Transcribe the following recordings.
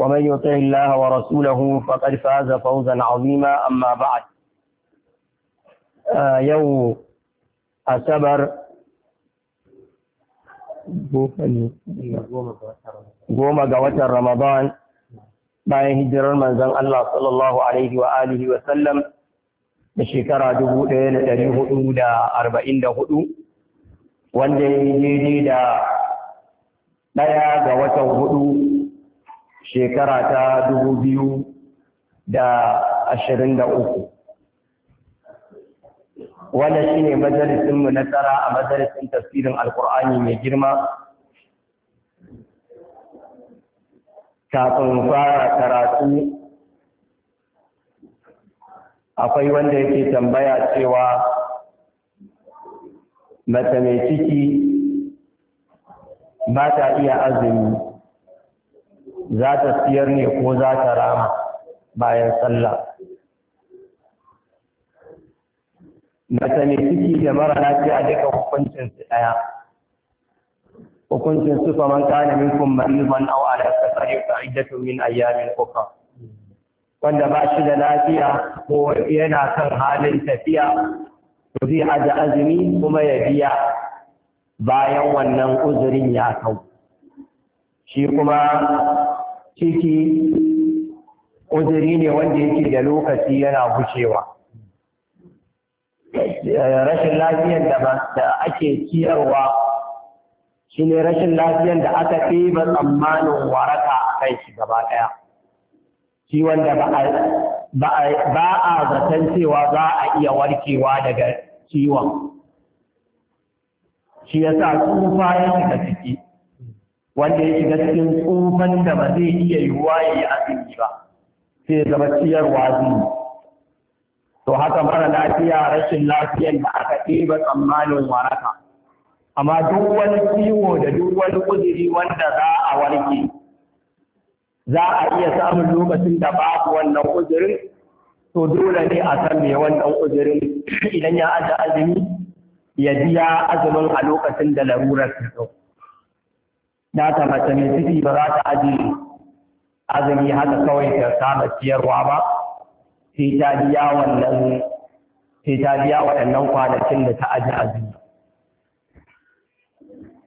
ومن يطع الله ورسوله فقد فاز فوزا عظيما أما بعد يوم أسبر goma ga watan Ramadan bayan hijirar manzon Allah sallallahu Alaihi wa alihi wa sallam da shekara 1444 wanda ya yi daidai da ɗaya ga watan hudu shekara ta dubu biyu da ashirin da uku wannan shi ne majalisinmu na tara a majalisin tafsirin alkur'ani mai girma kafin fara karatu akwai wanda yake tambaya cewa mace mai ciki ba ta iya azumi za ta siyar ne ko za ta rama bayan sallah mace ne ciki da mara lafiya duka hukuncin su daya hukuncin su fa man kana minkum mariban aw ala safari fa iddatu min ayyamin ukhra wanda ba shi da lafiya ko yana kan halin tafiya to zai aje azumi kuma ya biya bayan wannan uzurin ya kau shi kuma ciki uzuri ne wanda yake da lokaci yana gushewa rashin lafiyar da ake ciyarwa shi ne rashin lafiyar da aka ɗiba tsammanin waraka a kai shi gaba ɗaya shi wanda ba a zaton cewa za a iya warkewa daga ciwon shi ya sa tsufa ya shiga ciki wanda ya shiga cikin tsufan da ba zai iya yiwuwa ya yi azumi ba sai zama ciyarwa zai to haka mara lafiya rashin lafiyar da aka ɗeba tsammanin waraka amma duk wani ciwo da duk wani uzuri wanda za a warke za a iya samun lokacin da babu wannan uzurin to dole ne a san me wannan uzurin idan ya aje azumi ya biya azumin a lokacin da larurar ta da ta mace mai ciki ba za ta ajiye azumi haka kawai ta kama ciyarwa ba sai ta biya waɗannan kwanakin da ta aji azumi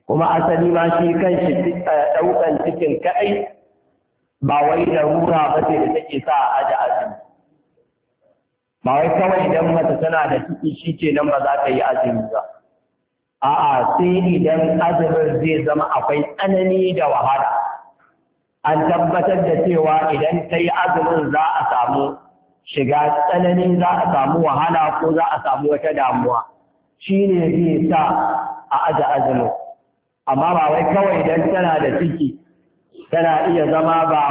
kuma asali ma shi kan shi eh, ɗaukan cikin kaɗai ba wai da rura ba ce da take sa a aji azumi ba wai kawai idan mace tana da ciki shi ke nan ba za ta yi azumi ba a'a sai idan azumin zai zama akwai tsanani da wahala an tabbatar da cewa idan ta yi azumin za a samu shiga tsananin za a samu wahala ko za a samu wata damuwa shi ne zai sa a aza azumin amma ba wai kawai idan tana da ciki tana iya zama ba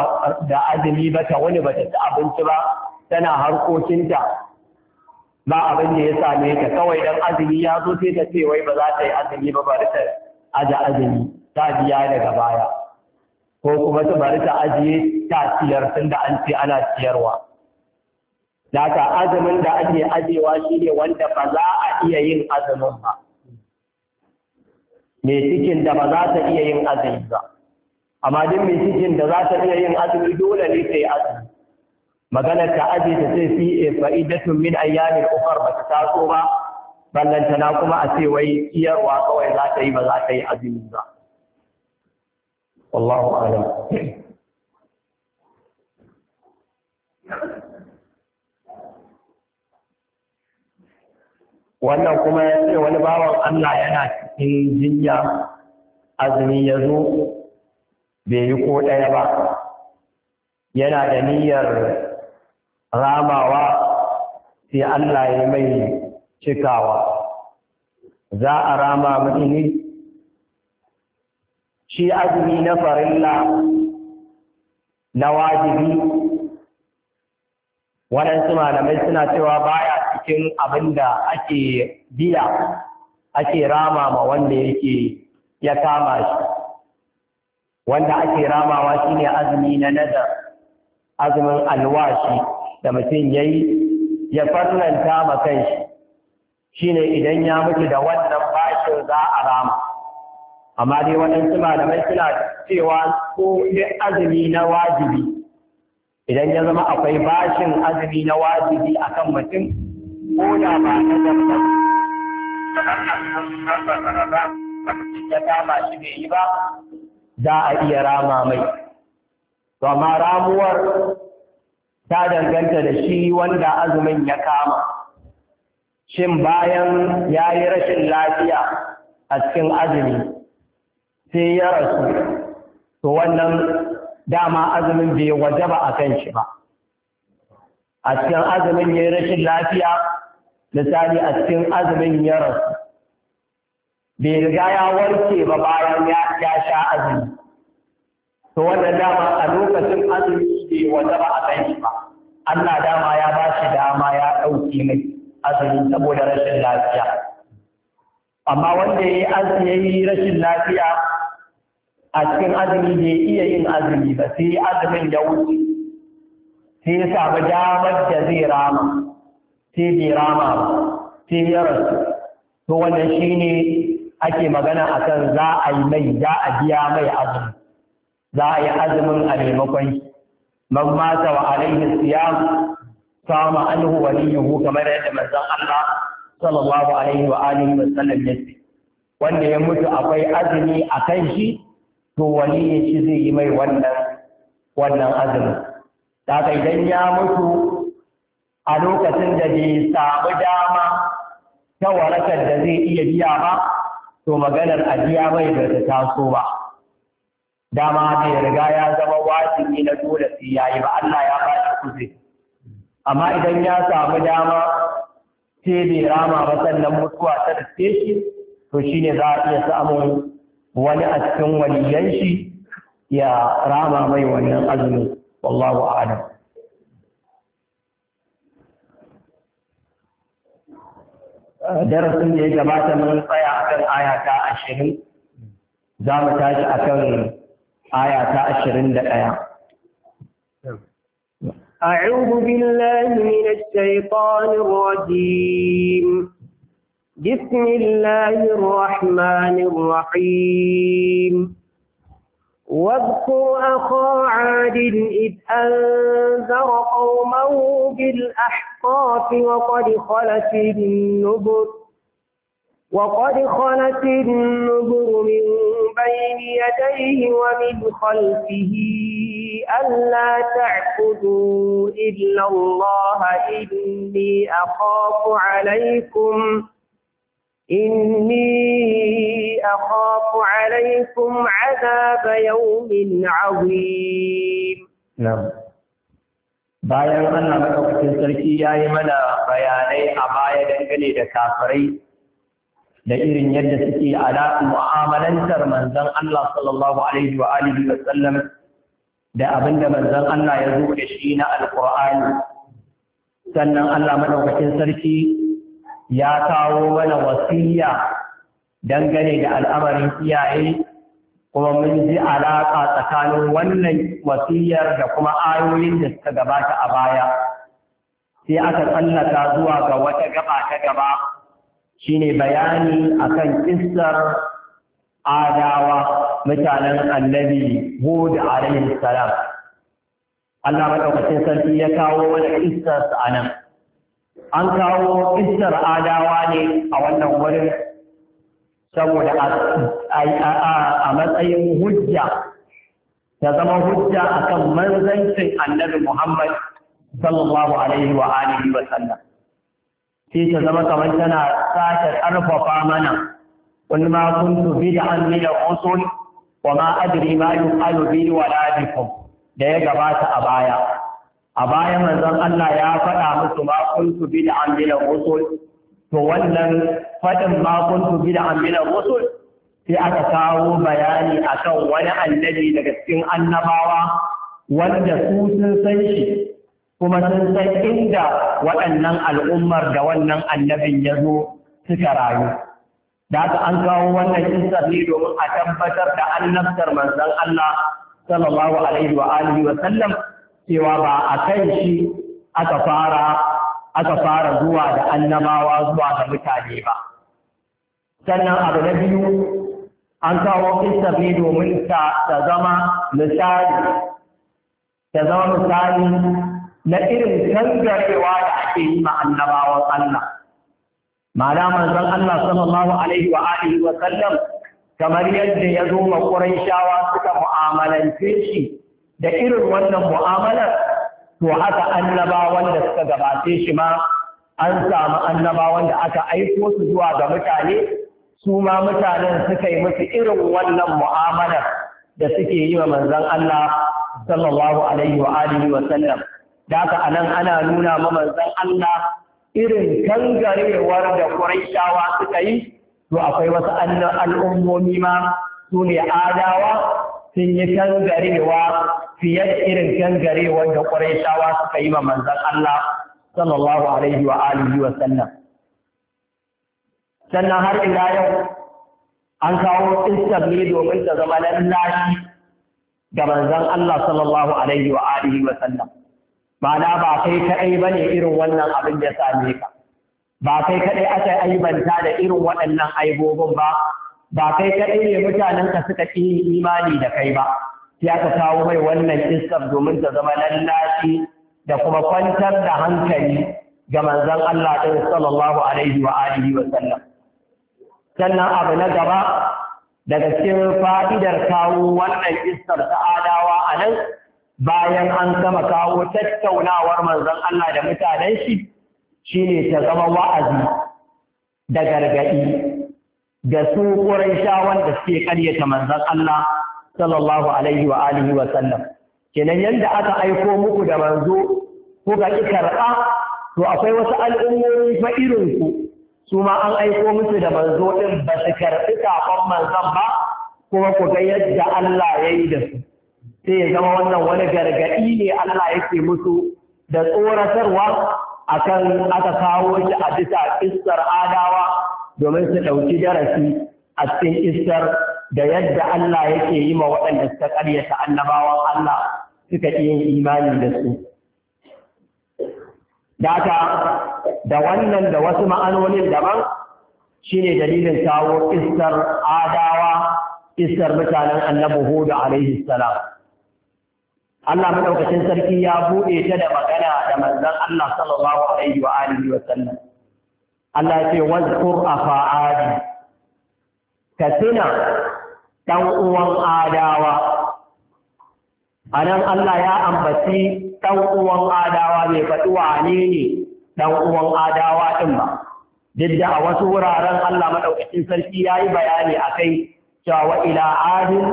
da azumi ba ta wani ba ta ci abinci ba tana harkokinta ba abin da ya same ta kawai dan azumi ya zo sai ta ce wai ba za ta yi azumi ba bari ta aja azumi ta biya daga baya ko kuma ta bari ta ajiye ta ciyar tun da an ce ana ciyarwa Daga azumin da ake ajewa shi ne wanda ba za a iya yin azumin ba. Mai cikin da ba za ta iya yin azumi ba. Amma duk mai cikin da za ta iya yin azumi dole ne ta yi azumi. magana ta aje ta ce fi fa'idatun min ayyamin ukar ba ta taso ba ballantana kuma a ce wai ciyarwa kawai za ta yi ba za ta yi azumi ba wallahu alam wannan kuma ya ce wani bawan Allah yana cikin jinya azumi ya zo bai yi ko ɗaya ba yana da niyyar ramawa sai Allah ya mai cikawa za a rama mutane shi azumi na farilla na wajibi waɗansu malamai suna cewa baya cikin abin da ake biya ake rama ma wanda yake ya kama shi wanda ake ramawa shine azumi na nazar azumin alwashi da mutum ya yi ya farlanta ma kan Shi ne idan ya mutu da wannan bashin za a rama amma dai waɗansu malamai suna cewa ko dai azumi na wajibi idan ya zama akwai bashin azumi na wajibi a kan mutum ko da ba na dabba ya kama shi bai yi ba za a iya rama mai to amma ramuwar ta danganta da shi wanda azumin ya kama shin bayan ya yi rashin lafiya a cikin azumi sai ya rasu to wannan dama azumin bai wajaba a kan shi ba a cikin azumin ya yi rashin lafiya misali a cikin azumin ya rasu bai riga ya warke ba bayan ya sha azumi to wannan dama a lokacin azumi bai wajaba a kan shi ba Allah dama ya ba shi dama ya ɗauki mai azumi saboda rashin lafiya amma wanda ya yi azumi rashin lafiya a cikin azumi bai iya yin azumi ba sai azumin ya wuce sai ya samu damar da zai rama sai bai rama ba sai ya rasu to wannan ne ake magana akan za a yi mai za a biya mai azumi za a yi azumin a maimakon shi man mata wa alaihi siyam sama anhu waliyuhu kamar yadda manzon Allah sallallahu alaihi wa alihi wa sallam ya ce wanda ya mutu akwai azumi a kan shi to waliyin shi zai yi mai wannan wannan azumin da idan ya mutu a lokacin da bai samu dama ta warakar da zai iya biya ba to maganar ajiya mai da ta taso ba dama bai riga ya zama wajibi na dole sai yayi ba Allah ya ba shi kuzi amma idan ya samu dama sai bai rama ba sannan mutuwa ta dace shi to shine za a iya samun wani a cikin waliyan shi ya rama mai wannan azumi wallahu a'lam darasin da ya gabata mun tsaya akan aya ta ashirin za mu tashi akan آية ta ashirin da أعوذ بالله من الشيطان الرجيم بسم الله الرحمن الرحيم واذكر أخا عاد إذ أنذر قومه بالأحقاف وقد خلت النذر وقد خلت النذر من بين يديه ومن خلفه ألا تعبدوا إلا الله إني أخاف عليكم إني أخاف عليكم عذاب يوم عظيم نعم bayan Allah madaukakin sarki ya yi mana bayanai a baya dangane da kafirai da irin yadda suke ala mu'amalantar manzon Allah sallallahu alaihi wa alihi wa sallam da abinda manzon Allah ya zo da shi na alqur'ani sannan Allah madaukakin sarki ya kawo mana wasiya dangane da al'amarin iyaye kuma mun ji alaƙa tsakanin wannan wasiyar da kuma ayoyin da suka gabata a baya sai aka tsallaka zuwa ga wata gaba ta gaba shine bayani akan kissar adawa mutanen annabi Hud alaihi salam Allah madaukakin sarki ya kawo wani kissar a nan an kawo kissar adawa ne a wannan wurin saboda a matsayin hujja ta zama hujja akan manzancin annabi Muhammad sallallahu alaihi wa alihi wa sallam sai ta zama kamar tana sake ƙarfafa mana wani ma kuntu bid'an min al-usul wa ma adri ma yuqalu bi da ya gabata a baya a baya manzon Allah ya faɗa musu ma kuntu bid'an min al-usul to wannan faɗin ma kuntu bid'an min al-usul sai aka kawo bayani akan wani annabi daga cikin annabawa wanda su sun san shi kuma sun san inda waɗannan al'ummar da wannan annabin ya zo suka rayu da aka an kawo wannan kisar ne domin a tabbatar da annabtar manzon Allah sallallahu alaihi wa alihi wa sallam cewa ba a kan shi aka fara zuwa da annabawa zuwa ga mutane ba sannan abu na biyu an kawo kisar ne domin ta zama misali ta zama misali na irin tangarewa da ake yi ma annabawan Allah mana manzon Allah sallallahu alaihi wa alihi wa sallam kamar yadda ya zo ma shawa suka mu'amalance shi da irin wannan mu'amalar to haka annabawan da suka gabace shi ma an samu annabawan da aka aiko su zuwa ga mutane su ma mutanen suka yi musu irin wannan mu'amalar da suke yi wa manzon Allah sallallahu alaihi wa alihi wa sallam da a nan ana nuna ma manzon Allah irin kangarewar da Quraishawa suka yi to akwai wasu al'ummomi ma su ne adawa sun yi kangarewa fiye da irin kangarewar da Quraishawa suka yi ma manzon Allah sallallahu alaihi wa alihi wa sallam sannan har ila yau an kawo istar ne domin ta zama lallashi ga manzon Allah sallallahu alaihi wa alihi wa sallam ma'ana ba kai kaɗai ba ne irin wannan abin ya same ka ba kai kaɗai aka aibanta da irin waɗannan aibobin ba ba kai kaɗai ne mutanen ka suka ƙi imani da kai ba Ya aka kawo mai wannan iskar domin ta zama lallashi da kuma kwantar da hankali ga manzon Allah ɗin sallallahu alaihi wa alihi wa sallam sannan abu na gaba daga cikin fa'idar kawo wannan iskar ta adawa a nan bayan an gama kawo tattaunawar manzon Allah da mutanen shi shine ta zama wa'azi da gargaɗi da su Qurayshawan da suke ƙaryata manzon Allah sallallahu alaihi wa alihi wa sallam kenan yadda aka aiko muku da manzo kuka ki karɓa to akwai wasu al'ummomi fa irin ku su ma an aiko musu da manzo ɗin ba su karɓi saƙon manzon ba kuma ku ga yadda Allah ya yi da su sai ya zama wannan wani gargaɗi ne Allah yake musu da tsoratarwa akan aka kawo shi a bisa istar adawa domin su ɗauki darasi a cikin istar da yadda Allah yake yi ma waɗanda suka ƙaryata annabawan Allah suka yin imani da su. Daka da wannan da wasu ma'anonin daban shi ne dalilin kawo istar adawa istar mutanen annabi Hudu alaihi salam. Allah madaukakin sarki ya buɗe ta da magana da manzon Allah sallallahu alaihi wa alihi wa sallam Allah ya ce wazkur afa adi ka tuna dan uwan adawa anan Allah ya ambaci dan uwan adawa ne faɗi wane ne dan uwan adawa din ba duk da a wasu wuraren Allah madaukakin sarki yayi bayani akai cewa ila adin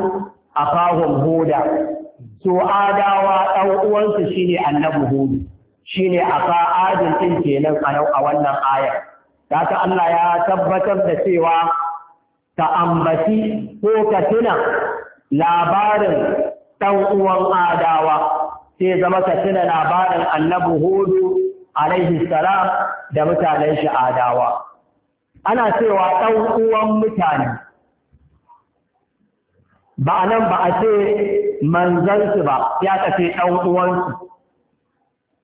afahum huda to adawa ɗan uwansu shine annabi hudu shine aka adin din kenan a wannan ayar kaka Allah ya tabbatar da cewa ka ambaci ko ka tuna labarin ɗan uwan adawa sai zama ka tuna labarin annabi hudu alaihi salam da mutanen shi adawa ana cewa ɗan uwan mutane ba nan ba a ce manzansu ba ya tafi ce ɗan uwansu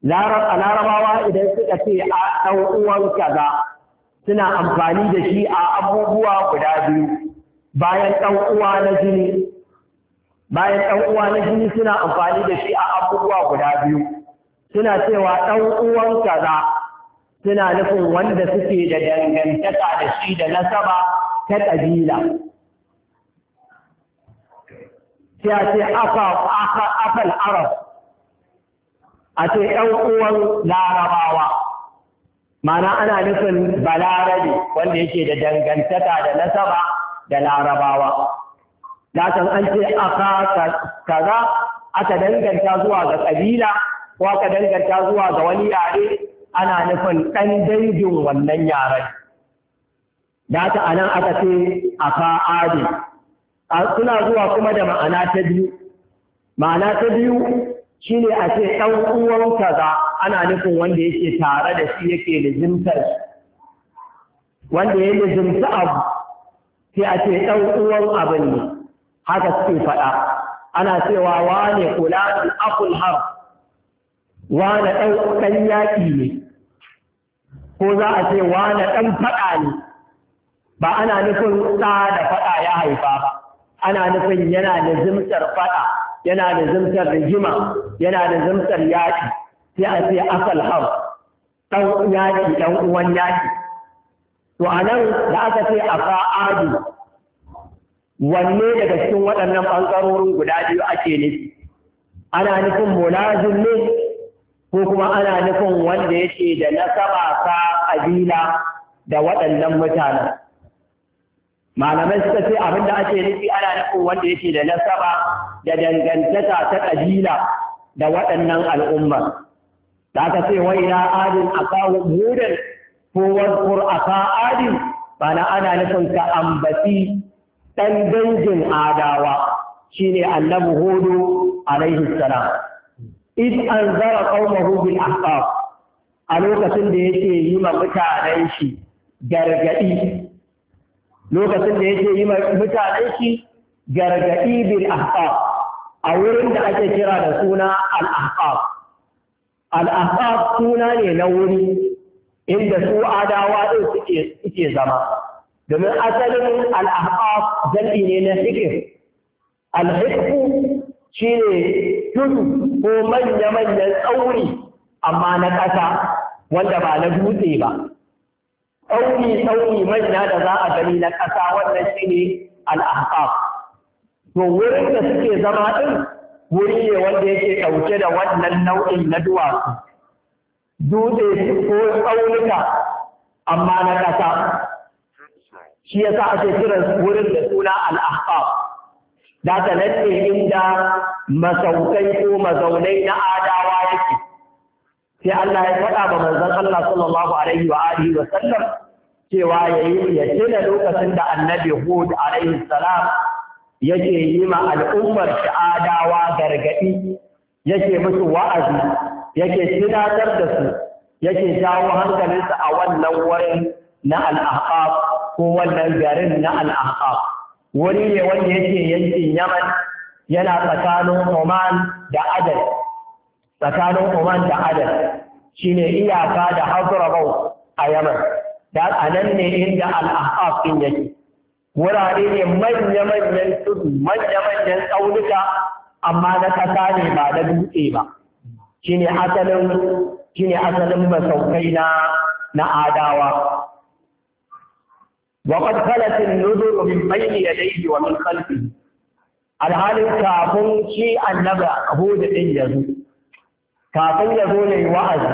larabawa idan suka ce a ɗan uwan kaza suna amfani da shi a abubuwa guda biyu bayan ɗan uwa na jini bayan ɗan uwa na jini suna amfani da shi a abubuwa guda biyu suna cewa ɗan uwan kaza suna nufin wanda suke da dangantaka da shi da nasaba ta ƙabila sai a ce afal arab a ce ‘yan uwan larabawa mana ana nufin balarabe wanda yake da dangantaka da nasaba da larabawa latin an ce aka kaza aka danganta zuwa ga ƙabila ko aka danganta zuwa ga wani yare ana nufin ɗan dangin wannan yaren. Data a nan aka ce aka adi. suna zuwa kuma da ma'ana ta biyu ma'ana ta biyu shine a ce ɗan uwan kaza ana nufin wanda yake tare da shi yake lizimtar wanda ya lizimta abu sai a ce ɗan uwan abin ne haka suke faɗa ana cewa wane kula akul har wane ɗan yaƙi ne ko za a ce wane ɗan faɗa ne ba ana nufin ɗa da faɗa ya haifa ba ana nufin yana da zimtar faɗa yana da zimtar rigima yana da zimtar yaƙi sai a ce asal ham ɗan yaƙi ɗan uwan yaki to anan da aka ce a fa'adu wanne daga cikin waɗannan ɓangarorin guda biyu ake nufi ana nufin mulazim ne ko kuma ana nufin wanda yake da nasaba ka ƙabila da waɗannan mutanen malamai suka ce abin da ake nufi ana nufin wanda yake da nasaba da dangantaka ta kabila da waɗannan al'umma da aka ce wai na adin a kawo ko wadkur a adin bana ana nufin ka ambaci ɗan dangin adawa shine annabi hudu alaihi salam id anzara qaumahu bil ahqaf a lokacin da yake yi ma mutanen shi gargadi lokacin da yake yi mutane shi gargaɗi bil ahqaf a wurin da ake kira da suna al ahqaf al ahqaf suna ne na wuri inda su adawa din suke suke zama domin asalin al ahqaf jam'i ne na hikir al hikfu shine tun ko manya manyan tsauri amma na ƙasa wanda ba na dutse ba tsauni-tsauni manya da za a gani na ƙasa wannan shi ne al'ahqaf to wurin da suke zama ɗin wuri ne wanda yake ɗauke da wannan nau'in na duwatsu dutse ko tsaunuka amma na ƙasa shi yasa ake kiran wurin da suna al'ahqaf da ta nan inda masaukai ko mazaunai na adawa yake sai Allah ya faɗa ba manzon Allah sallallahu alaihi wa alihi wa sallam cewa yayi ya tuna lokacin da annabi Hud alaihi salam yake yi ma al'ummar adawa gargadi yake musu wa'azi yake tunatar da su yake jawo hankalinsa a wannan wurin na al'ahqaf ko wannan garin na al'ahqaf wuri ne wanda yake yankin Yaman yana tsakanin Oman da Adal tsakanin Oman da Adan ne iyaka da Hazramaut a Yaman da a nan ne inda al-Ahqaf yake wurare ne manya-manyan tudu manya-manyan tsaunuka amma na kasa ne ba na dutse ba Shi ne asalin masaukai na na adawa وقد خلت النذر من بين يديه ومن خلفه الحال كافون شيء النبأ ɗin ya يزول kafin ya zo ya yi wa'azi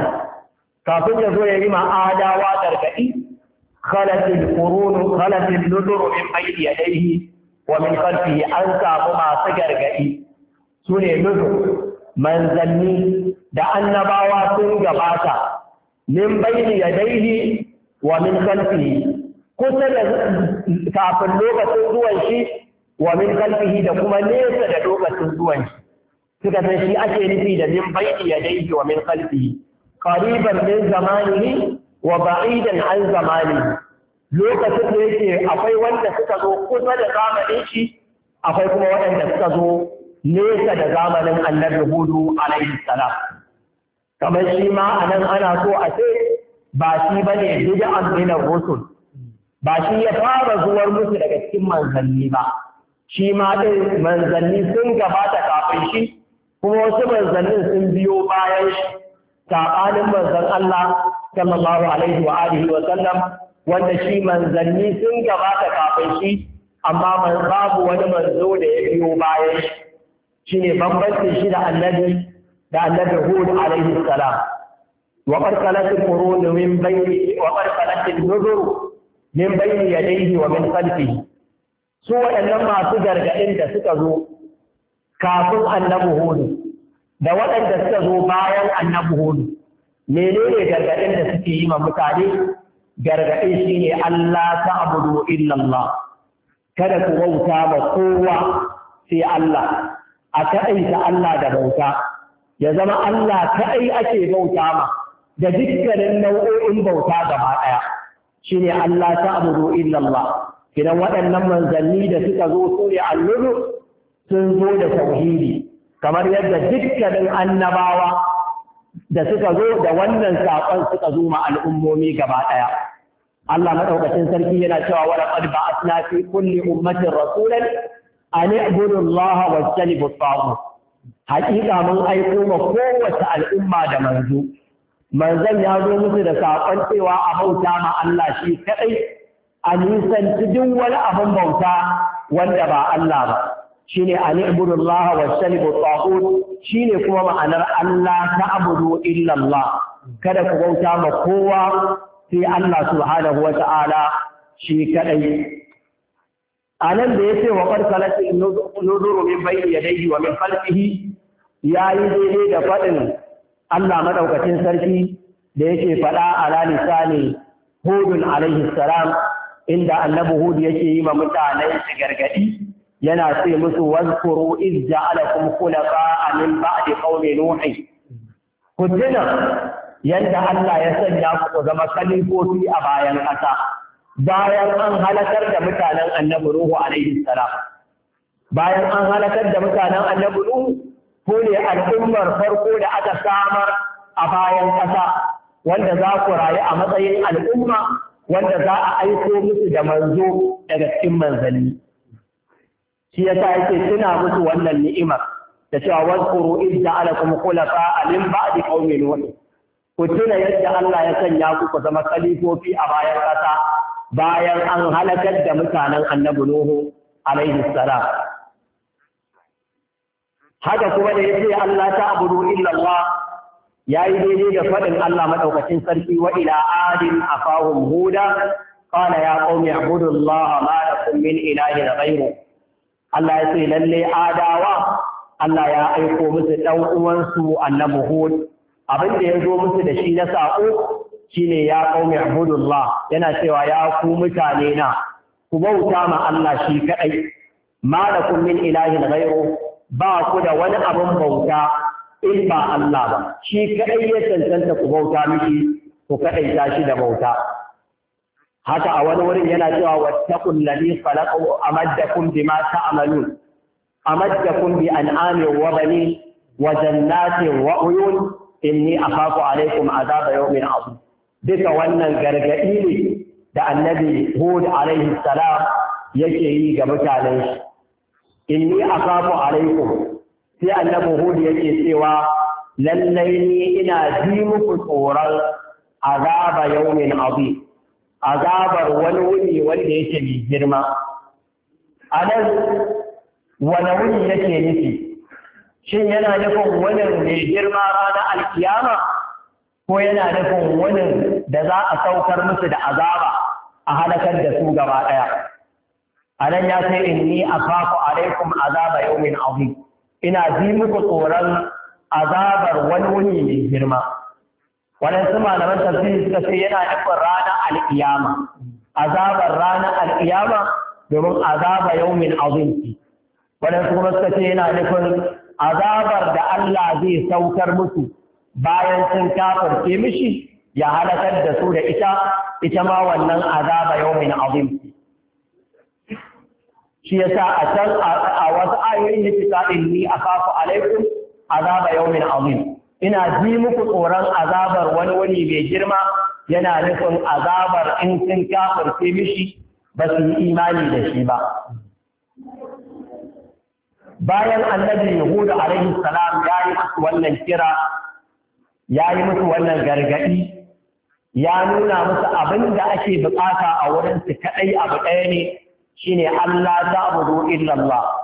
kafin ya zo ya yi ma'adawa gargaɗi khalatil qurun khalatil nudur min ya daihi wa min ƙarfi an samu masu gargaɗi su ne lullu, manzanni da annabawa sun gabata min ya daihi wa min ƙarfi, kusa da kafin lokacin zuwan shi wa min ƙarfi da kuma nesa da lokacin zuwan shi suka san shi ake nufi da min baiti ya daihi wa min qalbi qariban min zamanihi wa ba'idan an zamani lokacin da yake akwai wanda suka zo kusa da zamanin shi akwai kuma waɗanda suka zo nesa da zamanin annabi hudu alaihi salam kamar shi ma anan ana so a ce ba shi bane bid'an min ar-rusul ba shi ya fara zuwar musu daga cikin manzanni ba shi ma ɗin manzanni sun gabata kafin shi kuma wasu manzannin sun biyo bayan shi, saɓanin manzan Allah sallallahu alaihi wa alihi wa sallam wanda shi manzanni sun gabata kafin shi amma man babu wani manzo da ya biyo bayan shi shine bambancin shi da annabi da annabi Hud alaihi salam wa barkalat al-qurun min bayni wa barkalat al-nuzur min bayni yadayhi wa min khalfihi su waɗannan masu gargaɗin da suka zo kafin annabi hudu da waɗanda suka zo bayan annabi hudu menene gargaɗin da suke yi ma mutane gargaɗin shine Allah ta abudu illallah kada ku bauta ma kowa sai Allah a kaɗaita Allah da bauta ya zama Allah kaɗai ake bauta ma da dukkanin nau'o'in bauta gaba ɗaya shine Allah ta abudu illallah Idan waɗannan manzanni da suka zo su ne allulu sun zo da tauhidi kamar yadda dukkanin annabawa da suka zo da wannan saƙon suka zo ma al'ummomi gaba ɗaya. Allah maɗaukacin sarki yana cewa wa laqad ba'athna fi kulli ummatin rasulan an i'budu Allah wa jtanibu at Haƙiƙa mun aiko ma kowace al'umma da manzo. Manzon ya zo musu da saƙon cewa a bauta ma Allah shi kaɗai a nisanci duk wani abin bauta wanda ba Allah ba. Shin an ibudu Allah wa salibu shi shine kuma ma'anar Allah ta abudu kada ku bauta ma kowa sai Allah subhanahu wata'ala shi kadai anan da yace wa qad salat nuzuru min bayni yadayhi wa min khalfihi yayi daidai da fadin Allah madaukakin sarki da yake faɗa ala lisani hudun alaihi salam inda annabi hud yake yi ma mutane su gargadi yana ce musu wazkuru iz ja'alakum khulafa'a min ba'di qaumi nuhi ku yanda Allah ya sanya ku zama kalifofi a bayan ƙasa bayan an halakar da mutanen annabi Nuhu alaihi salam bayan an halakar da mutanen annabi ruhu ko ne al'ummar farko da aka samar a bayan ƙasa wanda za ku rayu a matsayin al'umma wanda za a aiko musu da manzo daga cikin manzanni shi yasa yake tuna musu wannan ni'imar da cewa wazkuru iz ja'alakum khulafa'a min ba'di qaumi nuh ku tuna yadda Allah ya sanya ku ku zama khalifofi a bayan kasa bayan an halakar da mutanen annabi nuhu alaihi salam haka kuma da yace Allah ta abudu illa Allah yayi daidai da fadin Allah madaukakin sarki wa ila adin afahum huda qala ya qaumi ibudu Allah ma lakum min ilahin ghayruhu Allah ya ce lalle adawa Allah ya aiko musu ɗan uwansu annabi Hud abin da ya zo musu da shi na sako shine ya qaumi ibudullah yana cewa ya ku mutane na ku bauta ma Allah shi kadai malakum min ilahin ghayru ba ku da wani abin bauta in ba Allah ba shi kadai ya cancanta ku bauta miki ku kadai tashi da bauta haka a wani wurin yana cewa wattaqul ladhi khalaqakum amaddakum bima ta'malun amaddakum bi an'amin wa banin wa jannatin wa uyun inni akhafu alaykum azab yawmin azim duka wannan gargadi ne da annabi Hud alaihi salam yake yi ga mutanen shi inni akhafu alaikum sai annabi Hud yake cewa lallai ni ina ji muku tsoron azaba yawmin azim azabar wani wuni wanda yake mai girma a nan wani wuni yake nufi shin yana nufin wani mai girma ranar alkiyama ko yana nufin wani da za a saukar musu da azaba a halakar da su gaba ɗaya a nan ya sai inni akhafu alaikum azaba yawmin azim ina ji muku tsoron azabar wani wuni mai girma waɗansu malaman tafsiri suka ce yana nufin ranar al'iyama azabar ranar al'iyama domin azaba yaumin Wani waɗansu kuma suka ce yana nufin azabar da Allah zai saukar musu bayan sun kafirce mishi ya halakar da su da ita ita ma wannan azaba min azumci shi yasa a can a wasu ayoyin da ke ni a kafa alaikum azaba min azim ina ji muku tsoron azabar wani wani mai girma yana nufin azabar in sun kafirce mishi ba su yi imani da shi ba bayan annabi yahudu alaihi salam ya yi musu wannan kira ya yi musu wannan gargaɗi ya nuna musu abin da ake bukata a wurin su kaɗai abu ɗaya ne shine Allah ta illallah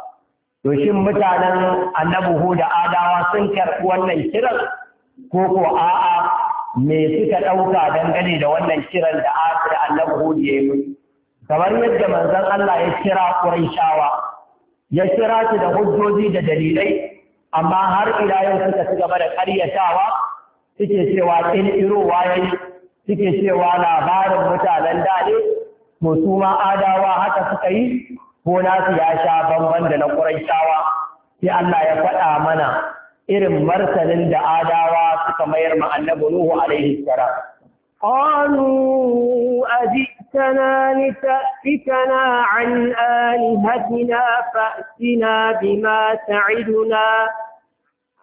to shin mutanen Annabuhu da Adawa sun karɓi wannan kiran ko ko a'a me suka ɗauka dangane da wannan kiran da da annabi ya yi kamar yadda manzon Allah ya kira Qurayshawa ya kira su da hujjoji da dalilai amma har ila yau suka ci gaba da ƙaryatawa suke cewa ƙirƙirowa yayi suke cewa labarin mutanen da ne to su ma Adawa haka suka yi ko nasu ya sha bamban da na ƙuraishawa sai Allah ya faɗa mana irin martanin da adawa suka mayar ma annabi Nuhu alaihi salam قالوا أجئتنا لتأتنا عن آلهتنا فأتنا بما تعدنا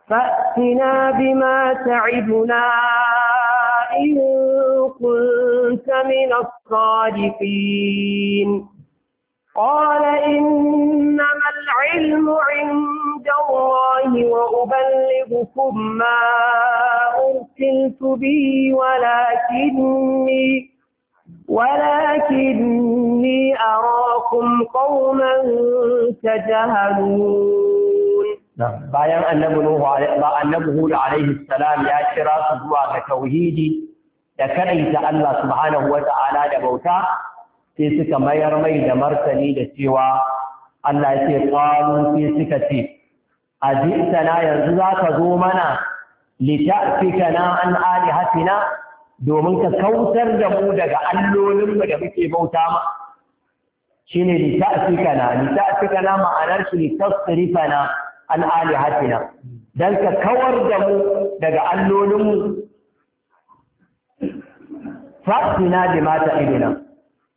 فأتنا بما تعدنا إن كنت من الصادقين قال إنما العلم عند الله وأبلغكم ما أرسلت به ولكني ولكني أراكم قوما تجهلون. نعم. بعدين أن نبوه على أن نبوه عليه السلام يا شراس الله كتوهيدي ذكرت الله سبحانه وتعالى بوتاه sai suka mayar mai da martani da cewa Allah ya ce qalu sai suka ce ajitana yanzu za ka zo mana na an hafina domin ka kautar da mu daga allolin da muke bauta ma shine lita'fikana ma'anar shi litasrifana an hafina. dan ka kawar da mu daga allolin mu fatina bi mata idina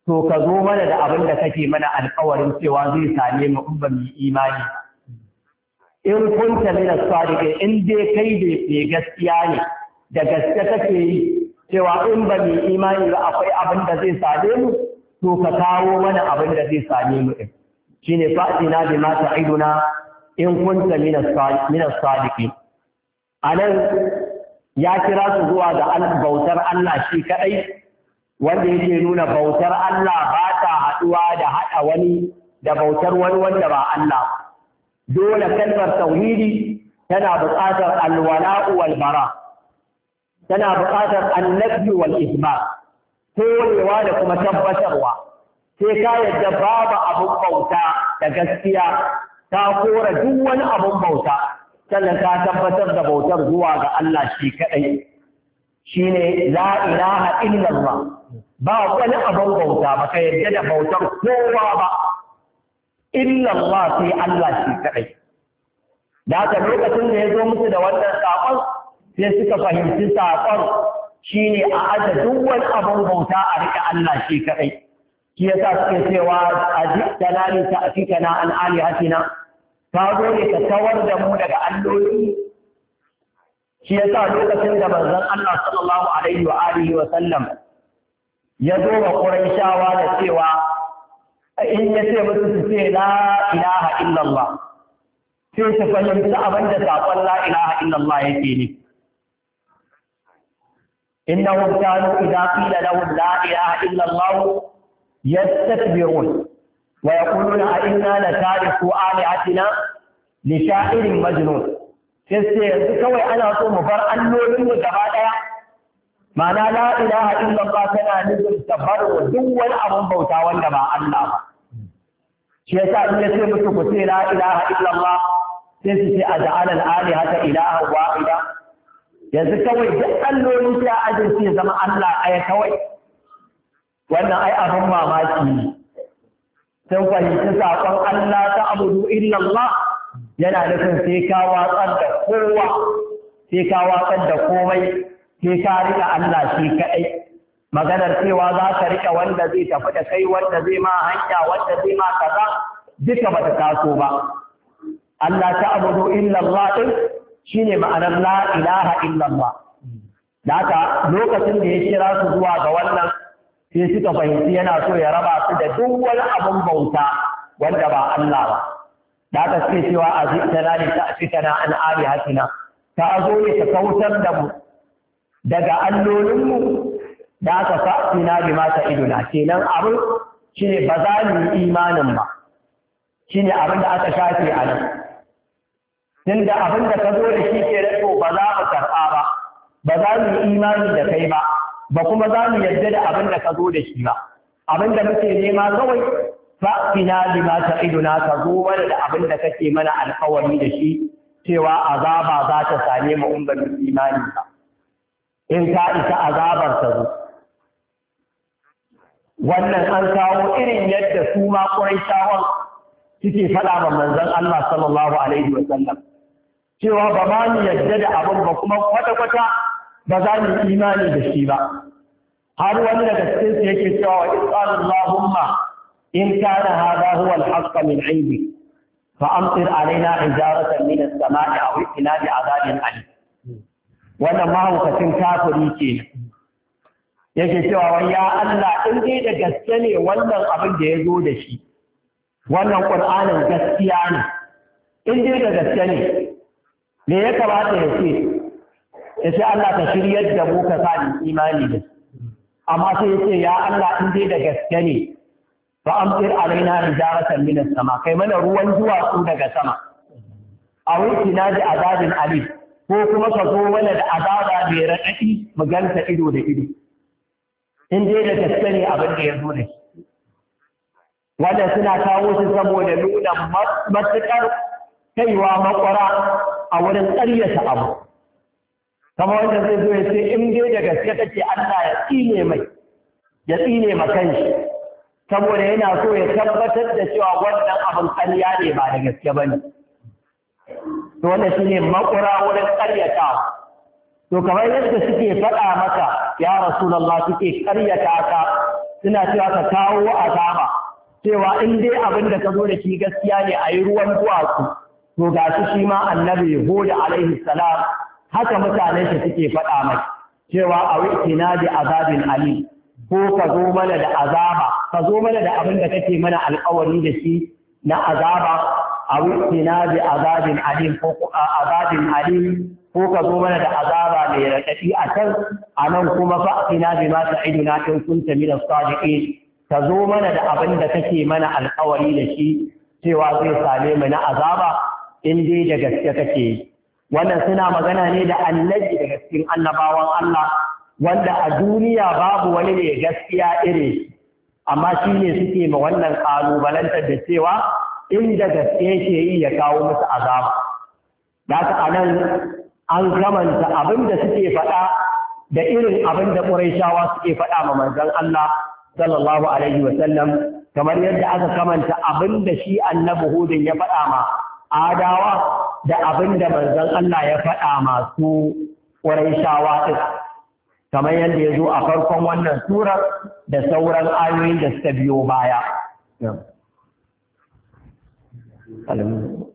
to ka zo mana da abin da kake mana alkawarin cewa zai same mu in ba mu imani in kunta mina sadiqin in dai kai da gaskiya ne da gaske kake yi cewa in ba mu imani ba akwai abin da zai same mu to ka kawo mana abin da zai same mu din shine fa'ina ta ta'iduna in kunta mina sadiqin anan ya kira su zuwa ga bautar Allah shi kadai wanda yake nuna bautar Allah ba ta haɗuwa da haɗa wani da bautar wani wanda ba Allah dole kalmar tauhidi tana buƙatar alwala'u wal bara tana buƙatar annabi wal isbat korewa da kuma tabbatarwa sai ka yadda babu abun bauta da gaskiya ta kora duk wani abun bauta sannan ka tabbatar da bautar zuwa ga Allah shi kaɗai shine la ilaha illallah ba wani abin bauta ba ka yarda da bautar kowa ba illa Allah sai Allah shi kadai da haka lokacin da ya zo musu da wannan sakon sai suka fahimci sakon shine a aje duk wani abin bauta a rika Allah shi kadai shi yasa suke cewa a na ne ajitana li na an alihatina ka zo ne ka kawar da mu daga alloli shi yasa lokacin da manzon Allah sallallahu alaihi wa alihi wa sallam ya zo ga da cewa in ya ce musu su ce la ilaha illallah sai su fahimci abin da saƙon la ilaha illallah yake ne inna إنهم كانوا إذا قيل لهم لا إله إلا الله يستكبرون ويقولون أئنا لتاركوا آلهتنا لشاعر مجنون sai sai kawai ana so mu bar allolin mu gaba daya Ma'ana la ilaha illallah tana nufin tabar duk wani abun bauta wanda ba Allah ba. Shi yasa in ya ce musu ku ce la ilaha illallah sai su ce a ja'alal haka ilaha ila. Yanzu kawai duk alloli sai a ajin sai zama Allah ɗaya kawai. Wannan ai abin mamaki ne. Sun fahimci saƙon Allah ta abudu illallah yana nufin sai ka watsar da kowa sai ka watsar da komai sai ka riƙa Allah shi kaɗai maganar cewa za ka riƙa wanda zai tafi da kai wanda zai ma hanya wanda zai ma kaza duka bata taso ba Allah ta abudu illallah din shine ma'anar la ilaha illallah da haka lokacin da ya kira su zuwa ga wannan sai suka fahimci yana so ya raba su da duk wani abun bauta wanda ba Allah ba da haka suke cewa a zikta na ne ta fitana an ari hasina ta zo ne ta kautar da mu daga allolinmu da aka fa'ina bi mata iduna kenan abin shine ba za mu yi imanin ba shine abin da aka shafe a nan tun da abin da ka zo da shi ke rato ba za mu karɓa ba ba za mu yi imanin da kai ba ba kuma za mu yarda da abin da ka zo da shi ba abin da muke nema kawai fa'ina bi mata iduna ka zo mana da abin da kake mana alkawari da shi cewa azaba za ta same mu in ba mu imani ba in ta isa azabar ta zo wannan an kawo irin yadda su ma ƙuraishawan suke faɗa wa manzon Allah sallallahu alaihi wa sallam cewa ba ma mu yadda da abin ba kuma kwata-kwata ba za mu imani da shi ba har wani daga cikin su yake cewa wa isqal Allahumma in kana hadha huwa al-haqq min 'indi fa amtir alaina ijaratan min as-sama'i aw itina bi 'adabin alim wannan mahaukacin kafiri ke yake cewa wai ya Allah in dai da gaske ne wannan abin da ya zo da shi wannan Qur'anin gaskiya ne in dai da gaske ne me ya kamata ya ce ya ce Allah ka shiryar da mu ka sa ni imani da amma sai ya ce ya Allah in dai da gaske ne fa amtir alaina rijaratan min sama kai mana ruwan duwatsu daga sama a wuce na da azabin alim ko kuma ka zo mana da azaba mai raɗaɗi mu ganta ido da ido in dai da gaske ne abin da ya zo da shi wanda suna kawo shi saboda nuna matuƙar kaiwa makwara a wurin ƙaryata abu kama wanda zai zo ya ce in dai da gaske kake Allah ya tsine mai ya tsine ma kanshi saboda yana so ya tabbatar da cewa wannan abin ƙarya ne ba da gaske ba ne to shi shine makura wurin karyatawa to kamar yadda suke faɗa maka ya rasulullah suke karyata ka suna cewa ka kawo azaba cewa in dai abin da ka zo da shi gaskiya ne a yi ruwan duwatsu to ga shi ma annabi Yahuda alaihi salam haka mutanen shi suke faɗa maka, cewa a na da azabin ali ko ka zo mana da azaba ka zo mana da abin da kake mana alƙawari da shi na azaba abu tina bi azabin alim ko azabin alim ko ka zo mana da azaba mai raɗaɗi a can a nan kuma fa tina bi ma ta'iduna in kunta min as-sadiqin ka zo mana da abin da kake mana alƙawari da shi cewa zai same mu na azaba in dai da gaske kake yi wannan suna magana ne da annabi daga cikin annabawan Allah wanda a duniya babu wani ne gaskiya iri amma shi ne suke ma wannan kalubalantar da cewa inda gaske yake yi ya kawo musu azaba da ka anan an gamanta abin da suke faɗa da irin abin da ƙurayshawa suke faɗa ma manzon Allah sallallahu alaihi wa sallam kamar yadda aka kamanta abin da shi annabi hudun ya faɗa ma adawa da abin da manzon Allah ya faɗa masu ƙurayshawa ɗin kamar yadda ya zo a farkon wannan surar da sauran ayoyin da suka biyo baya. kalmomi.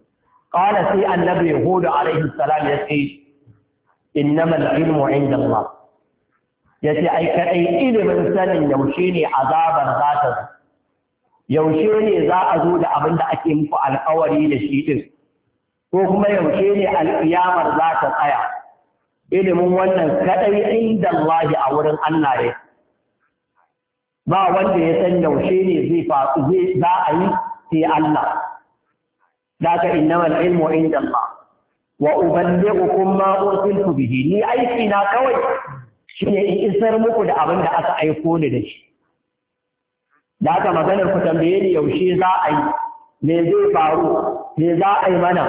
sai annabi Yahudu alaihi salam ya ce, Innamal ilmu inda Allah. Ya ce, Aikaɗai ilimin sanin yaushe ne azabar za ta zo. Yaushe ne za a zo da abin da ake muku alkawari da shi ɗin. Ko kuma yaushe ne alƙiyamar za ta tsaya. Ilimin wannan kaɗai inda Allah a wurin Allah Ba wanda ya san yaushe ne zai a yi sai Allah. ذاك إنما العلم عند الله وأبلغكم ما أرسلت به ni aiki na kawai shine in isar muku da abin da aka aiko ni da shi da aka maganar ku tambaye ni yaushe za a me zai faru me za a yi mana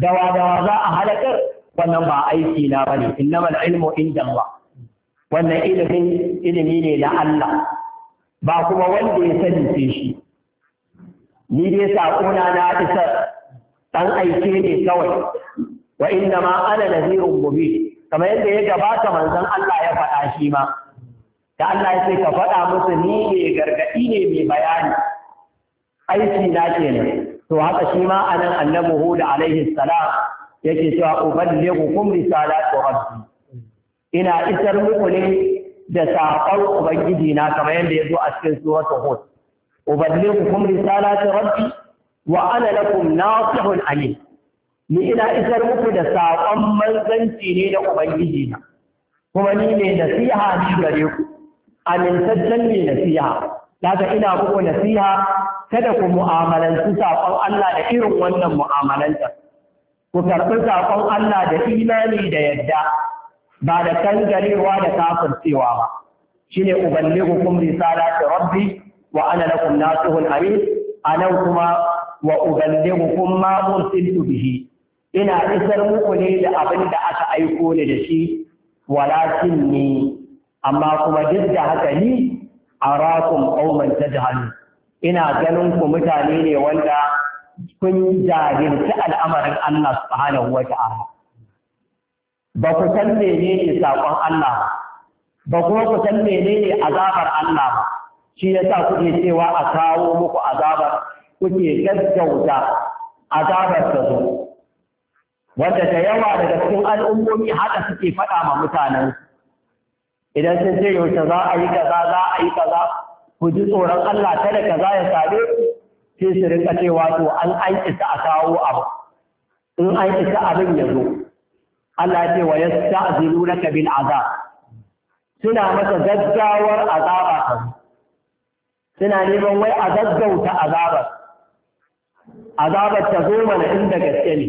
dawa dawa za a halakar wannan ba aiki na bane innamal ilmu inda Allah wannan ilimi ne na Allah ba kuma wanda ya sani sai shi ni dai saƙona na isar ɗan aike ne kawai wa inda ma ana nazirun gobe. kamar yadda ya gabata manzon Allah ya faɗa shi ma da Allah ya ce ka faɗa musu ni ne gargaɗi ne mai bayani aiki na kenan to haka shi ma anan annabi Hud alaihi salam yake cewa uballighukum risalatu rabbi ina isar muku ne da saƙon ubangiji na kamar yadda ya zo a cikin suratu Hud uballighukum risalatu rabbi Wa'ana ana na nasihun alim ni ina isar muku da saƙon manzanci ne da ubangiji na kuma ni ne nasiha ni gare ku amintaccen mai nasiha daga ina muku nasiha kada ku mu'amalanci saƙon Allah da irin wannan mu'amalanta ku karɓi saƙon Allah da imani da yadda ba da kangarewa da kafircewa ba shine risala risalati rabbi wa na lakum nasihun amin anan kuma wa uballighukum ma ursiltu bihi ina isar muku ne da abin da aka aiko ni da shi walakin ni amma kuma duk da haka ni arakum qauman tajhalu ina ganin ku mutane ne wanda kun jahilci al'amarin Allah subhanahu wa ta'ala ba ku san menene sakon Allah ba ba kuma ku san menene azabar Allah ba shi yasa kuke cewa a kawo muku azabar kuke gaggauta azabar ta zo wanda da yawa daga cikin al'ummomi haka suke faɗa ma mutanen idan sun ce yaushe za a yi kaza za a yi kaza ku ji tsoron Allah kada kaza ya same sai su rinka cewa to an an isa a kawo abu in an isa abin ya zo Allah ya ce wa yasta'zilunaka bil azab suna masa gaggawar azaba suna neman wai a gaggauta azabar azabar ta zo mana inda gaske ne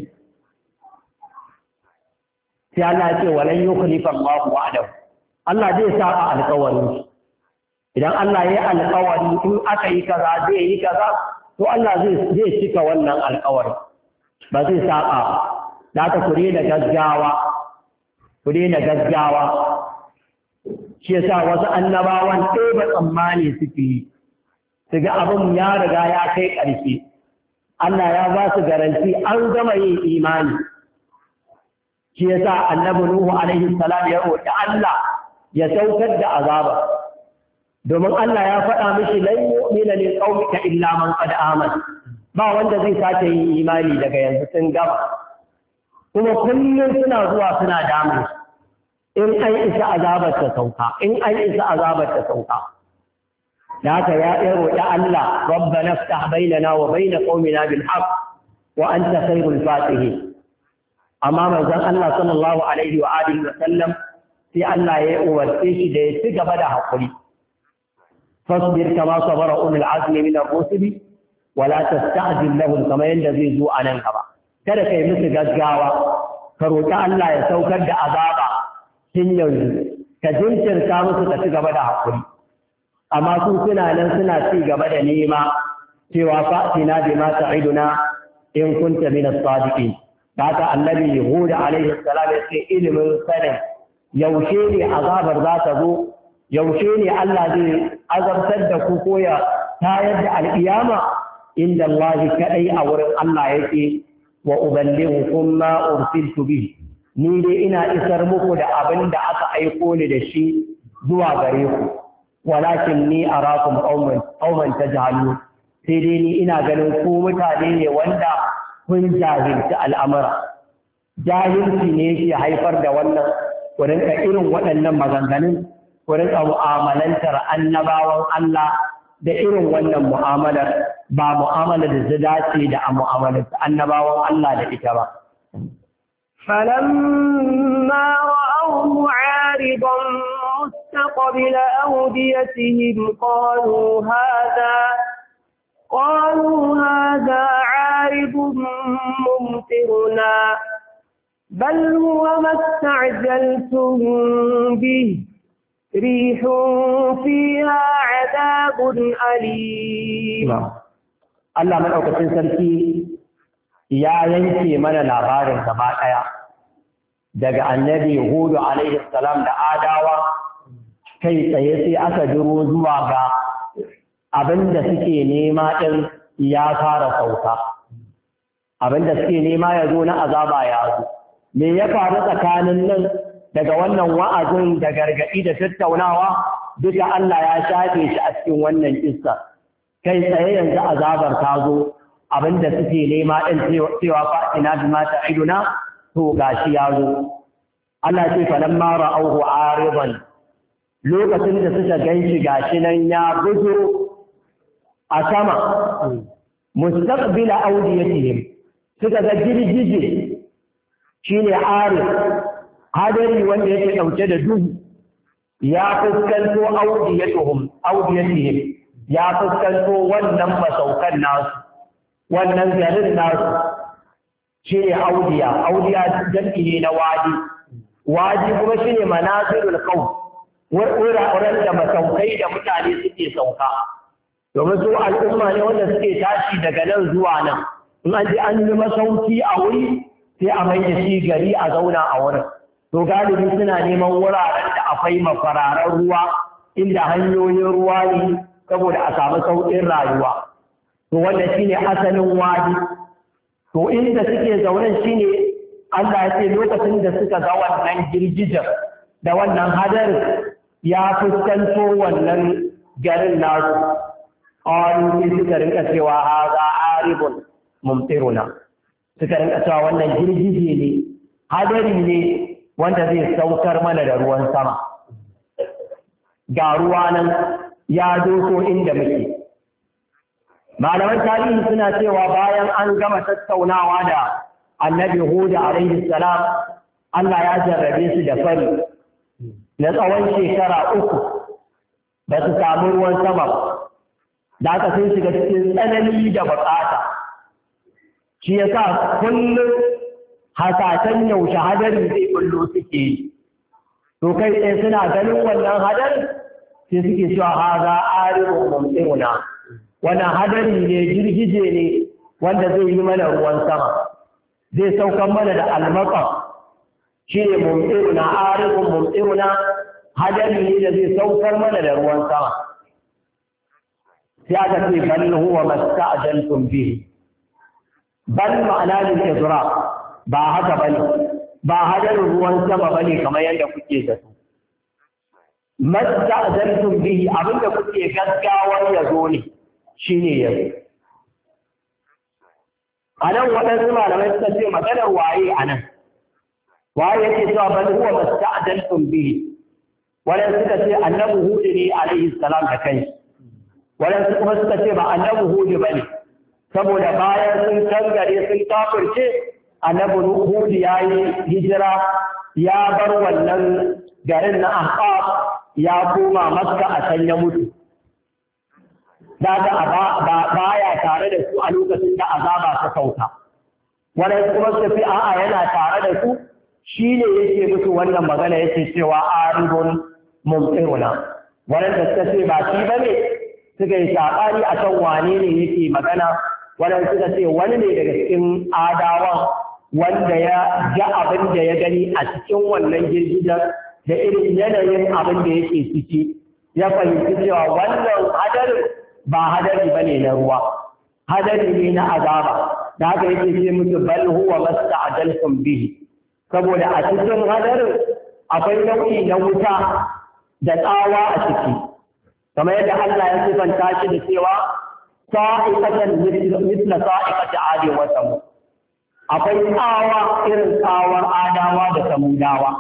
sai Allah ce walan yukhlifa Allah wa'adahu Allah zai saba alƙawarin idan Allah ya yi alƙawari in aka yi kaza zai yi kaza to Allah zai zai cika wannan alƙawari ba zai saba da ka kure da gaggawa kure da gaggawa shi yasa wasu annabawan ɗaya ba tsammani suke yi su ga abin ya riga ya kai ƙarshe Allah ya ba su garanti an gama yin imani shi sa annabi Nuhu alaihi salam ya roƙi Allah ya saukar da azaba domin Allah ya faɗa mishi lan yu'mina lil qaumika illa man qad amana ba wanda zai sake yin imani daga yanzu sun gama kuma kullum suna zuwa suna damu in an isa azabar ta sauka in an isa azabar ta sauka da haka ya ya roƙi Allah rabbana iftah bainana wa bain qaumina bil haqq wa ta khairul fatihin amma manzon Allah sallallahu alaihi wa alihi wa sallam sai Allah ya umarce shi da ya ci gaba da haƙuri. fasbir kama sabara ulul azmi min ar-rusuli wala tasta'jil lahum kama yanda zai zo a nan gaba kada kai musu gaggawa ka roƙi Allah ya saukar da azaba tun yanzu ka jinkirta musu ka ci gaba da hakuri amma su suna nan suna ci gaba da nema cewa fa'tina bima ta'iduna in kunta min as-sadiqin haka annabi Yahuda alaihi salam yace ilimin sanin yaushe ne azabar za ta zo yaushe ne Allah zai azabtar da ku ko ya tayar da al'iyama inda Allah kadai a wurin Allah yake wa uballighukum ma ursiltu bihi ni dai ina isar muku da abin da aka aiko ni da shi zuwa gare ku walakin ni arakum qauman qauman tajhalu sai dai ni ina ganin ku mutane ne wanda kun jahilci al'amura jahilci ne ke haifar da wannan ku rinka irin waɗannan maganganun ku rinka mu'amalantar annabawan Allah da irin wannan mu'amalar ba mu'amalar da ta dace da mu'amalar annabawan Allah da ita ba فلما رأوه عارضا قبل أوديتهم قالوا هذا قالوا هذا عارض ممطرنا بل هو ما استعجلتم به ريح فيها عذاب أليم نعم. الله من أوقف سلكي يا ينكي من العبار الزبائع دقى النبي هود عليه السلام لآداوه kai tsaye sai aka jiro zuwa ga abin da suke nema ɗin ya fara sauka abin da suke nema ya zo na azaba ya zo me ya faru tsakanin nan daga wannan wa'azin da gargaɗi da tattaunawa duka Allah ya shafe shi a cikin wannan kissa kai tsaye yanzu azabar ta zo abin da suke nema ɗin cewa ina bi mata iduna to gashi ya zo Allah ce falamma a aridan lokacin da suka ganshi gashi nan ya buzo a sama mustaqbila audiyatihim suka ga girgije shine ari hadari wanda yake dauke da duhu ya fuskanto audiyatuhum audiyatihim ya fuskanto wannan masaukan nasu wannan garin nasu shine audiya audiya jam'i ne na wadi wadi kuma shine manasirul qaum wuraren da masaukai da mutane suke sauka domin su al'umma ne wanda suke tashi daga nan zuwa nan in an ji an yi masauki a wuri sai a mai da shi gari a zauna a wurin to galibi suna neman wuraren da akwai mafararen ruwa inda hanyoyin ruwa ne saboda a samu sauƙin rayuwa to wanda shine asalin wadi to inda suke zaune shine Allah ya ce lokacin da suka ga wannan girgijar da wannan hadarin ya fuskanto wannan garin nasu An yi suka rinka cewa a ribun mumtiruna suka rinka cewa wannan girgije ne hadari ne wanda zai saukar mana da ruwan sama ga ruwa nan ya doko inda muke malaman tarihi suna cewa bayan an gama tattaunawa da annabi huda alaihi salam Allah ya jarrabe su da fari na tsawon shekara uku ba su samu ruwan sama da aka sun shiga cikin tsanani da bukata shi ya sa kullum hasashen yaushe hadari zai kullo suke yi to kai tsaye suna ganin wannan hadari sai suke cewa ha za a rikin mumtsiruna wannan hadari ne girgije ne wanda zai yi mana ruwan sama zai saukan mana da almakon shi ne na mumtsiruna arifin na hadari ne da zai saukar mana da ruwan sama sai aka ce bal huwa masta'jaltum bihi bal ma'ana ke izra ba haka bane ba hadarin ruwan sama bane kamar yadda kuke da su masta'jaltum bihi abinda kuke gaggawar ya zo ne shine yanzu a nan waɗansu malamai suka ce maganar waye a nan waye yake cewa bal huwa masta'daltum bi wala suka ce annabi hudu ne alaihi salam da kai wala kuma suka ce ba annabi hudu bane saboda bayan sun tangare sun kafirce annabi hudu yayi hijira ya bar wannan garin na ahqaf ya koma makka a can ya mutu daga ba baya tare da su a lokacin da azaba ta sauka wala kuma su fi a'a yana tare da su shi ne yake musu wannan magana yake cewa aridun mumtiruna wannan da suka ce ba shi ba ne suka yi saɓani a kan wane ne yake magana wannan suka ce wani ne daga cikin adawa wanda ya ga abin da ya gani a cikin wannan girgizar da irin yanayin abin da yake ciki ya fahimci cewa wannan hadarin ba hadari ba ne na ruwa hadari ne na azaba da haka yake ce musu bal huwa masta'ajaltum bihi saboda a cikin hadarin akwai nau'i na wuta da tsawa a ciki kamar yadda Allah ya sifanta shi da cewa sa'ikatan mithla sa'ikati adi wa samud akwai tsawa irin tsawar adawa da samudawa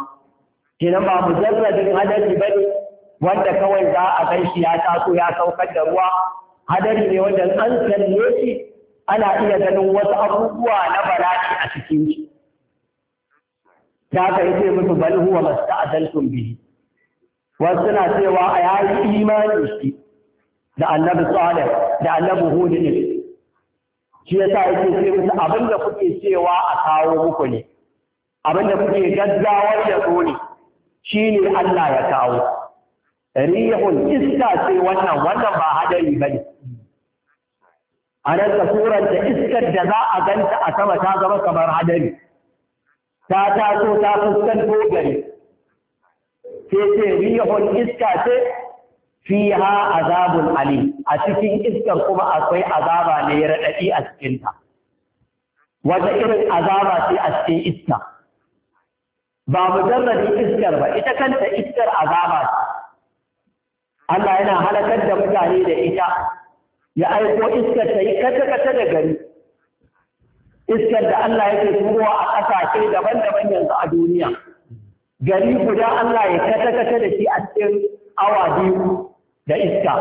kenan ba mujarradin hadari bane wanda kawai za a kai shi ya taso ya saukar da ruwa hadari ne wanda an sanne shi ana iya ganin wasu abubuwa na bala'i a cikin shi ta ka sai musu bal huwa masta'daltum bihi wasu suna cewa a yayi imani shi da annabi salih da annabi hud ne shi sa yake ce musu abinda kuke cewa a kawo muku ne abinda kuke gaggawar ya so ne shine Allah ya kawo rihun iska ce wannan wannan ba hadari ba ne. a nan ka turanta iskar da za a ganta a sama ta zama kamar hadari ta taso ta fuskanto gari sai ce rihun iska ce ha azabun ali a cikin iskar kuma akwai azaba ne raɗaɗi a cikinta wata irin azaba ce a cikin iska ba mu jarrabi iskar ba ita kanta iskar azaba ce Allah yana halakar da mutane da ita ya aiko iskar ta yi kata-kata da gari iskar da Allah yake turowa a ƙasashe daban-daban yanzu a duniya gari guda Allah ya kata-kata da shi a cikin awa biyu da iska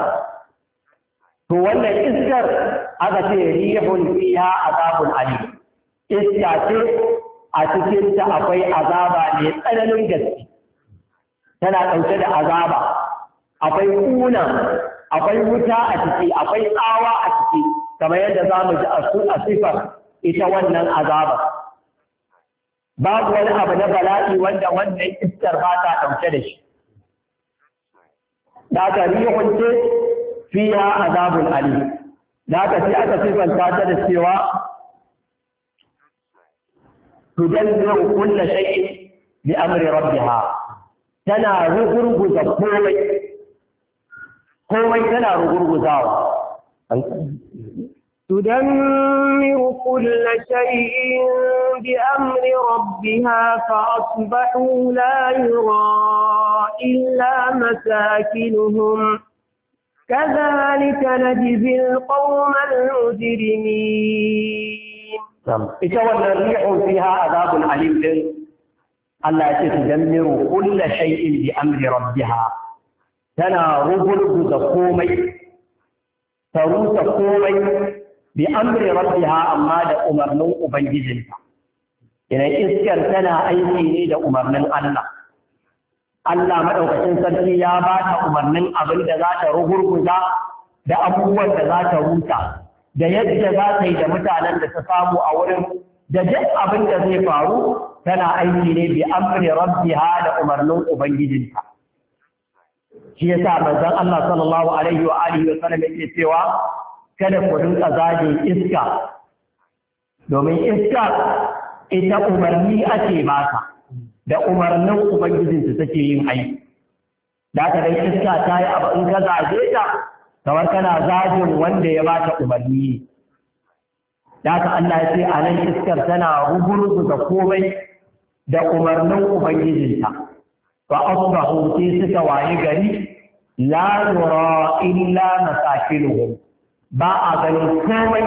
to wannan iskar aka ce rihun fiha azabul ali iska ce a cikin ta akwai azaba ne tsananin gaske tana ɗauke da azaba akwai kuna akwai wuta a ciki akwai tsawa a ciki kamar yadda za mu ji a sifar ita wannan azaba babu wani abu na bala'i wanda wannan iskar ba ta ɗauke da shi da ta rihun ce fiya azabun ali da aka ce aka sifanta ta da cewa tudallu kulla shay'in bi amri rabbiha tana rugurguza komai komai tana rugurguzawa an تدمر كل شيء بأمر ربها فأصبحوا لا يرى إلا مساكنهم كذلك نجزي القوم المجرمين نعم. يتولى الريح فيها عذاب أليم الله تدمر كل شيء بأمر ربها تنا رجل تقومي تروت قومي bi amri rabbiha amma da umarnin ubangijinta idan iskar tana aiki ne da umarnin Allah Allah madaukakin sarki ya ba ta umarnin abin da za ta rugurguza da abubuwan da za ta ruta da yadda za ta yi da mutanen da ta samu a wurin da duk abin da zai faru tana aiki ne bi amri rabbiha da umarnin ubangijinta shi yasa manzon Allah sallallahu alaihi wa alihi wa sallam yake cewa kada ku rinka zagin iska domin iska ita umarni ake baka da umarnin ubangijinta take yin aiki da ka dai iska ta yi abu in ka zage ta kamar kana zagin wanda ya bata umarni da ka Allah ya ce a nan iskar tana rugurgu da komai da umarnin ubangijinta fa asbahu sai suka waye gari la yura illa masakinuhum ba a ganin komai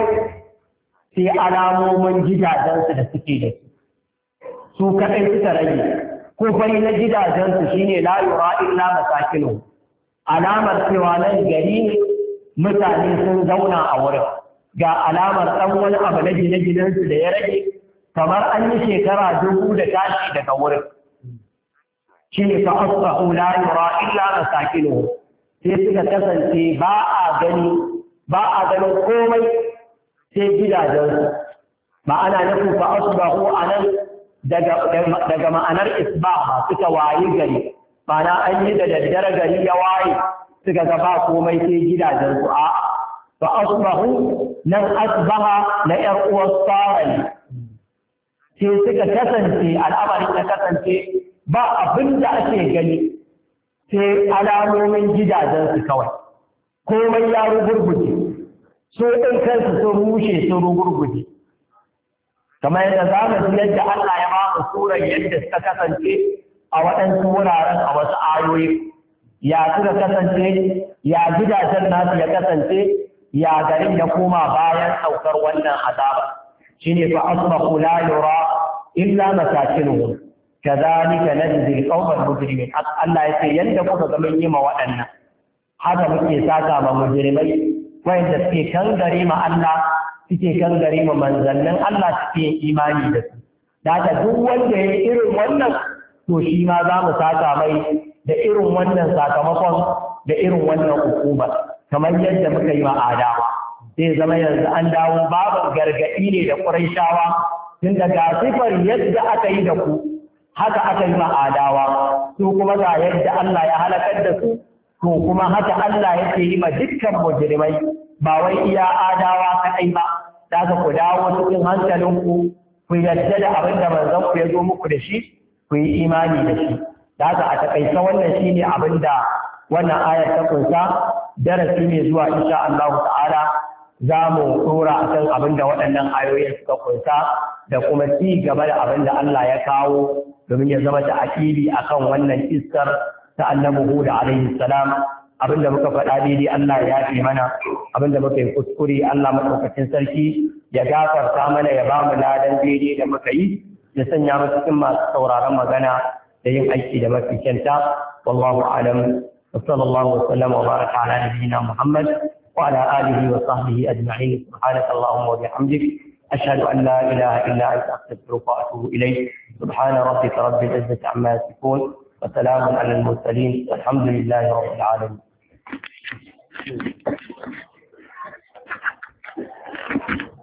sai alamomin gidajensu da suke da su su kaɗai suka rage kufai na gidajensu shine la yura illa masakinu alamar cewa nan gari ne mutane sun zauna a wurin ga alamar ɗan wani abu na gine-ginensu da ya rage kamar an yi shekara dubu da tashi daga wurin shi ne fa la yura illa masakinu sai suka kasance ba a gani ba a ganin komai sai gidajensu ma'ana a fa asbahu anan daga daga ma'anar isbaha suka wayi gari ma'ana an yi da daddare gari ya waye suka ga komai sai gidajensu a ba asbahu nan asbaha na yar uwar sarali sai suka kasance al'amarin ya kasance ba abin da ake gani sai alamomin gidajensu kawai komai ya rugurguje su ɗin kansu sun rushe sun rugurguje kamar yadda za mu ji yadda Allah ya ba mu surar yadda suka kasance a waɗansu wuraren a wasu ayoyi ya suka kasance ya gidajen nasu ya kasance ya garin ya koma bayan saukar wannan azaba shine fa asbahu kula yura illa masakinuhum kadhalika najzi al mujrimin Allah ya ce yadda kuka ga yi ma waɗannan haka muke saka ma mujrimai da suke kan gari ma Allah suke kan gari ma manzannin Allah suke imani da su da haka duk wanda ya irin wannan to shi ma za mu saka mai da irin wannan sakamakon da irin wannan hukuma kamar yadda muka yi wa adawa zai zama yanzu an dawo babu gargaɗi ne da ƙuraishawa tun daga sifar yadda aka yi da ku haka aka yi wa adawa su kuma ga yadda Allah ya halakar da su to kuma haka Allah yake yi ma dukkan mujrimai ba wai iya adawa kaɗai ba da ka ku dawo cikin hankalinku ku yarda da abin da manzon ku ya zo muku da shi ku yi imani da shi da ka a takaice wannan shine abin da wannan ayar ta kunsa darasi ne zuwa insha Allah ta'ala za mu dora akan abin da waɗannan ayoyin suka kunsa da kuma ci gaba da abin da Allah ya kawo domin ya zama ta akili akan wannan iskar ta da Hud alaihi salam abinda muka faɗa daidai Allah ya fi mana abinda muka yi kuskure Allah madaukakin sarki ya gafarta mana ya ba mu ladan daidai da muka yi ya sanya mu cikin masu sauraron magana da yin aiki da mafi kyanta wallahu alam wa sallallahu wa sallama wa baraka ala nabiyyina Muhammad wa ala alihi wa sahbihi ajma'in subhanaka allahumma wa bihamdik ashhadu an la ilaha illa anta astaghfiruka wa atubu ilayk subhana rabbika rabbil izzati amma yasifun وسلام على المرسلين والحمد لله رب العالمين Thank you.